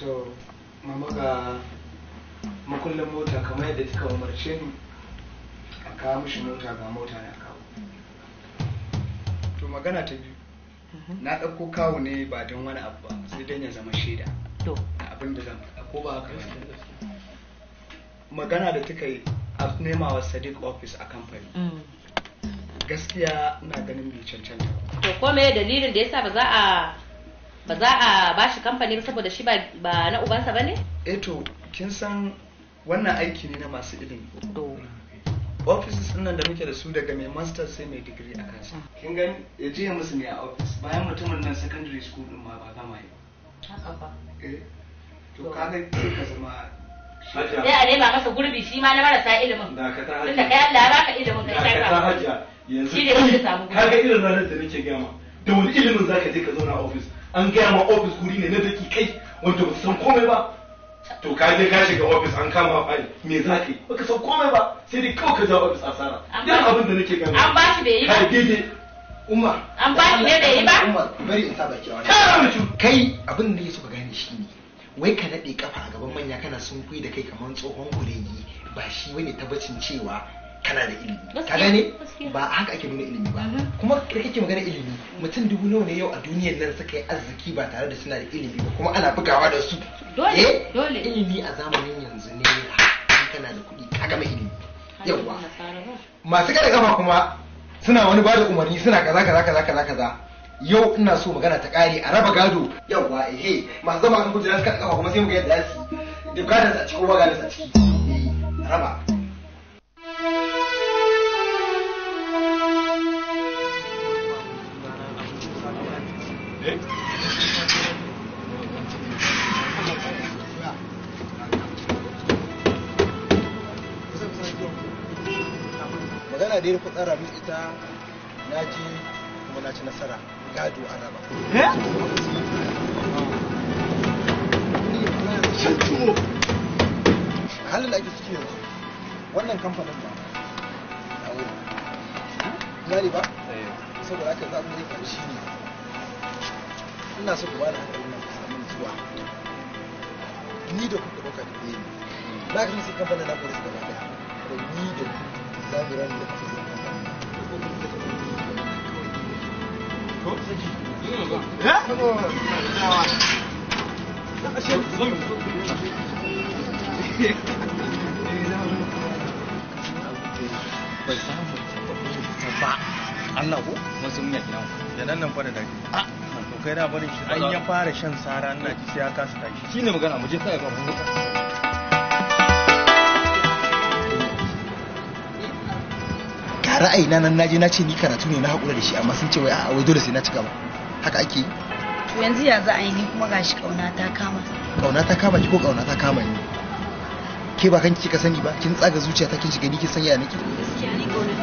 to mama ga makullin mota kamar yadda kika umarce ni a kawo mishi mota ga mota na kawo to magana ta biyu mm-hmm. na ɗauko kawo ne ba don wani abu ba sai don ya zama shaida a abin da zan ko ba haka magana da kika yi a nemawa sadiq office a kamfani mm. gaskiya ina ganin bai cancanta to ko me dalilin da yasa ba za a ba za a shi kamfani ba saboda shi ba na ubansa ba ne? eto eh kin san wannan aiki ne na masu ilimi offices nan da muke da su daga mai masters sai mai digiri a kansa kin gani ya je musu ne a office bayan mutumin nan secondary school din ma ba gama yi haka ba eh to kaga ka zama sai a nema masa gurbi shi ma na marasa ilimin tunda kai Allah ya baka ilimin kai sai ka hajja yanzu shi ne samu kaga irin ranar da nake gama da wani ilimin za ka je ka zauna ofis an gaya ma ofis guri ne na kai wanda ba san komai ba to ka je ka shiga ofis an kama fari me za ka yi baka san komai ba sai dai kawai ka ja ofis sara irin abin da nake gani an ba shi bai yi ba kai daidai umar an ba shi ne bai yi ba umar bari in sa baki wani kai abin da ya ka gane shi ne wai ka daɗe kafa a gaban manya kana sun da kai kamar tsohon kuregi ba shi wani tabbacin cewa tana da ilimi ka gane ba haka ake nuna ilimi ba kuma da kake magana ilimi mutum dubu nawa ne yau a duniyar nan suka yi arziki ba tare da suna da ilimi ba kuma ana bugawa da su dole eh? dole ilimi a zamanin yanzu ne kana da kuɗi ka gama ilimi yawa masu kada kafa kuma suna wani bada umarni suna kaza kaza kaza kaza kaza yau ina so magana ta kare a raba gado yawa ehe masu zama kan kujera suka kafa kuma sai mu ga yadda za su da gadon a ciki ko ba gadon a ciki raba magana da ya fi tsara min ita na ji kuma na ci nasara gado eh? an raba halin da ake ciki yanzu wannan kamfanin ba na wuri ba eh. saboda aka zaɓi ne kan shi ne ina so ku ba da hankali na samun zuwa ni da kuka ɗauka da ɗaya ne na kasance kamfanin na kore su ɗaya da ni da zagiran da kuka zama bai samu ba Allah ko Masu miyar yawon. da nan nan da dare ah. to kai na barin shi an ya fara shan sara ina ji sai ya kasa tashi shine magana mu je ya ba mu ga ra'ayina nan naje na ce ni karatu ne na haƙura da shi amma sun ce wai a'a wai dole sai na ci gaba haka ake yi to yanzu ya za a kuma gashi kauna ta kama kauna ta kama ki ko kauna ta kama ni ke ba kanki kika sani ba kin tsaga zuciya ta kin shiga ni kin san nake gaskiya ni kauna